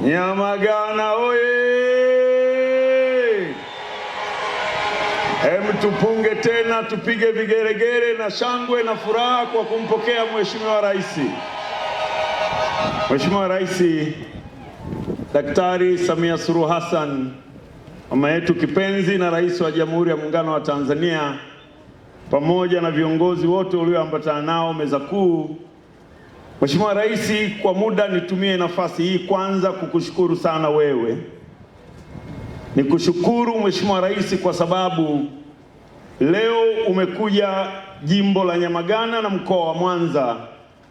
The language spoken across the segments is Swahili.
Nyamagana oye! Hem, tupunge tena, tupige vigeregere na shangwe na furaha kwa kumpokea Mheshimiwa Rais. Mheshimiwa Rais Daktari Samia Suluhu Hassan, mama yetu kipenzi na Rais wa Jamhuri ya Muungano wa Tanzania, pamoja na viongozi wote ulioambatana nao meza kuu Mheshimiwa Rais, kwa muda nitumie nafasi hii kwanza kukushukuru sana wewe. Nikushukuru Mheshimiwa Rais kwa sababu leo umekuja jimbo la Nyamagana na mkoa wa Mwanza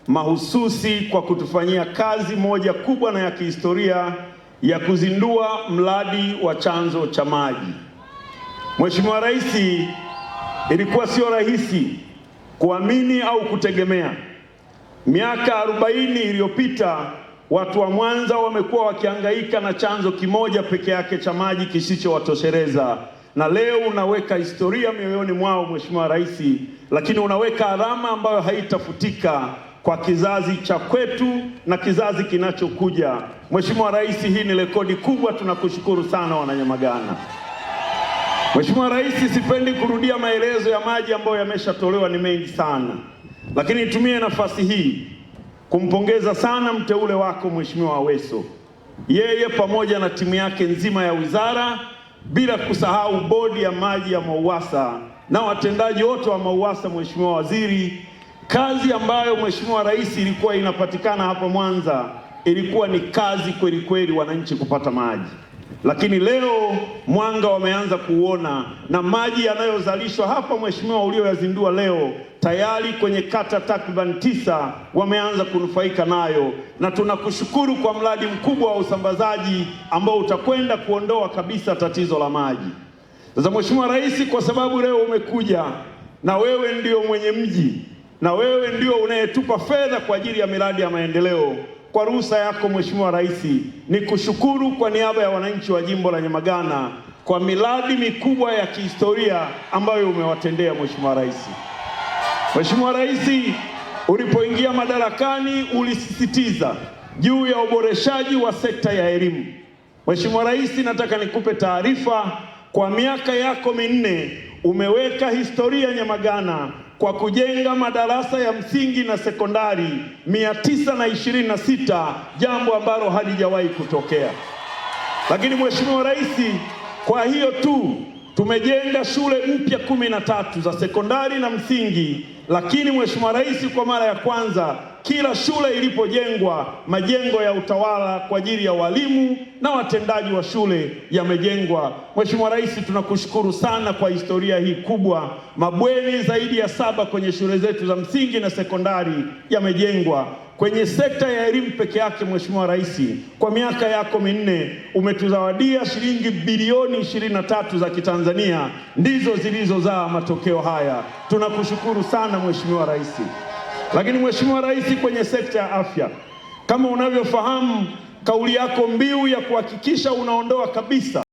mahususi kwa kutufanyia kazi moja kubwa na ya kihistoria ya kuzindua mradi wa chanzo cha maji. Mheshimiwa Rais, ilikuwa sio rahisi kuamini au kutegemea Miaka arobaini iliyopita watu wa Mwanza wamekuwa wakihangaika na chanzo kimoja peke yake cha maji kisichowatosheleza, na leo unaweka historia mioyoni mwao, Mheshimiwa Rais, lakini unaweka alama ambayo haitafutika kwa kizazi cha kwetu na kizazi kinachokuja. Mheshimiwa Rais, hii ni rekodi kubwa, tunakushukuru sana Wananyamagana. Mheshimiwa Rais, sipendi kurudia maelezo ya maji ambayo yameshatolewa, ni mengi sana lakini nitumie nafasi hii kumpongeza sana mteule wako Mheshimiwa Aweso, yeye pamoja na timu yake nzima ya wizara, bila kusahau bodi ya maji ya MAUWASA na watendaji wote wa MAUWASA. Mheshimiwa Waziri, kazi ambayo Mheshimiwa Rais ilikuwa inapatikana hapa Mwanza ilikuwa ni kazi kweli kweli, wananchi kupata maji lakini leo mwanga wameanza kuuona na maji yanayozalishwa hapa, mheshimiwa, ulioyazindua leo tayari kwenye kata takriban tisa wameanza kunufaika nayo, na tunakushukuru kwa mradi mkubwa wa usambazaji ambao utakwenda kuondoa kabisa tatizo la maji. Sasa Mheshimiwa Rais, kwa sababu leo umekuja na wewe ndio mwenye mji na wewe ndio unayetupa fedha kwa ajili ya miradi ya maendeleo kwa ruhusa yako Mheshimiwa Rais, kushukuru kwa niaba ya wananchi wa jimbo la Nyamagana kwa miradi mikubwa ya kihistoria ambayo umewatendea Mheshimiwa Rais. Mheshimiwa Rais, ulipoingia madarakani ulisisitiza juu ya uboreshaji wa sekta ya elimu. Mheshimiwa Rais, nataka nikupe taarifa, kwa miaka yako minne umeweka historia Nyamagana kwa kujenga madarasa ya msingi na sekondari mia na sita, jambo ambalo halijawahi kutokea. Lakini Mheshimiwa Rais, kwa hiyo tu tumejenga shule mpya kumi na tatu za sekondari na msingi, lakini Mheshimiwa Rais, kwa mara ya kwanza kila shule ilipojengwa, majengo ya utawala kwa ajili ya walimu na watendaji wa shule yamejengwa. Mheshimiwa Rais, tunakushukuru sana kwa historia hii kubwa. Mabweni zaidi ya saba kwenye shule zetu za msingi na sekondari yamejengwa. Kwenye sekta ya elimu peke yake, Mheshimiwa Rais, kwa miaka yako minne umetuzawadia shilingi bilioni 23 za Kitanzania, ndizo zilizozaa matokeo haya. Tunakushukuru sana Mheshimiwa Rais. Lakini Mheshimiwa Rais, kwenye sekta ya afya, kama unavyofahamu, kauli yako mbiu ya kuhakikisha unaondoa kabisa